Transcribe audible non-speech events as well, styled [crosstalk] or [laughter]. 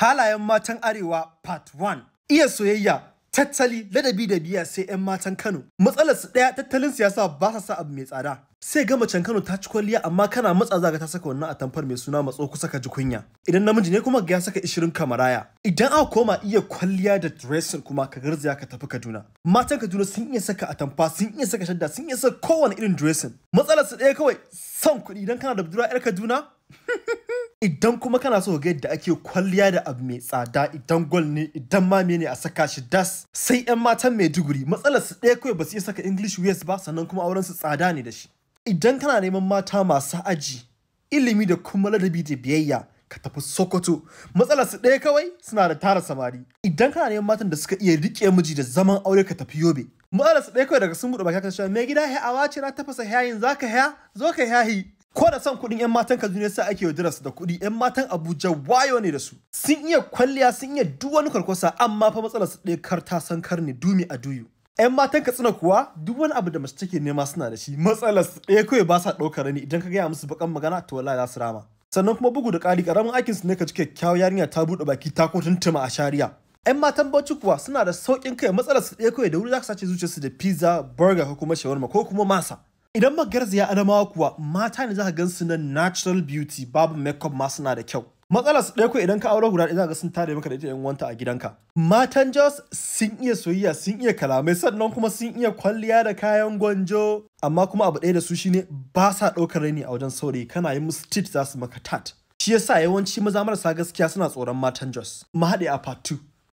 Halayen matan Arewa Part 1 Iya soyayya, tattali, ladabi da biya sai 'yan matan Kano. Matsalar su ɗaya tattalin siyasa ba sa sa abu mai tsada. Sai ga macen Kano ta ci kwalliya amma kana matsa zaga ta saka wannan atamfar mai suna matso kusa ka ji kunya. Idan namiji ne kuma ya saka 20 kamaraya. Idan aka koma iya kwalliya da dressing kuma ka garzaya ka tafi Kaduna. Matan Kaduna sun iya saka atamfa, sun iya saka shadda, sun iya saka kowane irin dressing. Matsalar su daya kawai son kuɗi idan kana da budura 'yar Kaduna. [laughs] idan kuma kana so ga yadda ake kwalliya da abu mai tsada idan gwal ne idan ma ne a saka shi das sai yan matan maiduguri matsalar su ɗaya kawai ba su iya saka english wears ba sannan kuma auren su tsada ne da shi idan kana neman mata masu aji ilimi da kuma ladabi da biyayya ka tafi sokoto matsalar su ɗaya kawai suna da tara samari idan kana neman matan da suka iya riƙe miji da zaman aure ka tafi yobe matsalar su ɗaya kawai daga sun buɗe baki ka mai gida ya awace na tafasa hayayin zaka haya zo ka hayi ko da son kuɗin 'yan matan Kaduna yasa ake yaudara su da kuɗi 'yan matan Abuja wayo ne da su sun iya kwalliya sun iya duk wani kwarkwasa amma fa matsalar su ɗaya kar ta san kar ne dumi a duyu 'yan matan Katsina kuwa duk wani abu da mace take nema suna da shi matsalar su ɗaya kawai ba sa ɗaukar rani idan ka gaya musu baƙan magana to wallahi za su rama sannan kuma bugu da ƙari ƙaramin aikin su ne ka ji kyakkyawar yarinya ta buɗe baki ta ko tuntuma a shariya. 'yan matan Bauchi kuwa suna da sauƙin kai matsalar su ɗaya kawai da wuri za ka sace zuciyarsu da pizza burger ko kuma shawarma ko kuma masa Idan magarziya adamawa kuwa mata ne za ka gan su na natural beauty babu makeup ma suna da kyau. Matsalar su ɗaya ko idan ka aure guda ɗaya za ka sun tare maka da ita yan wanta a gidanka. Matan Jos sun iya soyayya sun iya kalamai sannan kuma sun iya kwalliya da kayan gwanjo. Amma kuma abu ɗaya da su shine ba sa ɗaukar raini a wajen saurayi kana yi musu tit za su maka tat. Shi yasa yawanci maza marasa gaskiya suna tsoron matan Jos. Mahaɗe a part 2.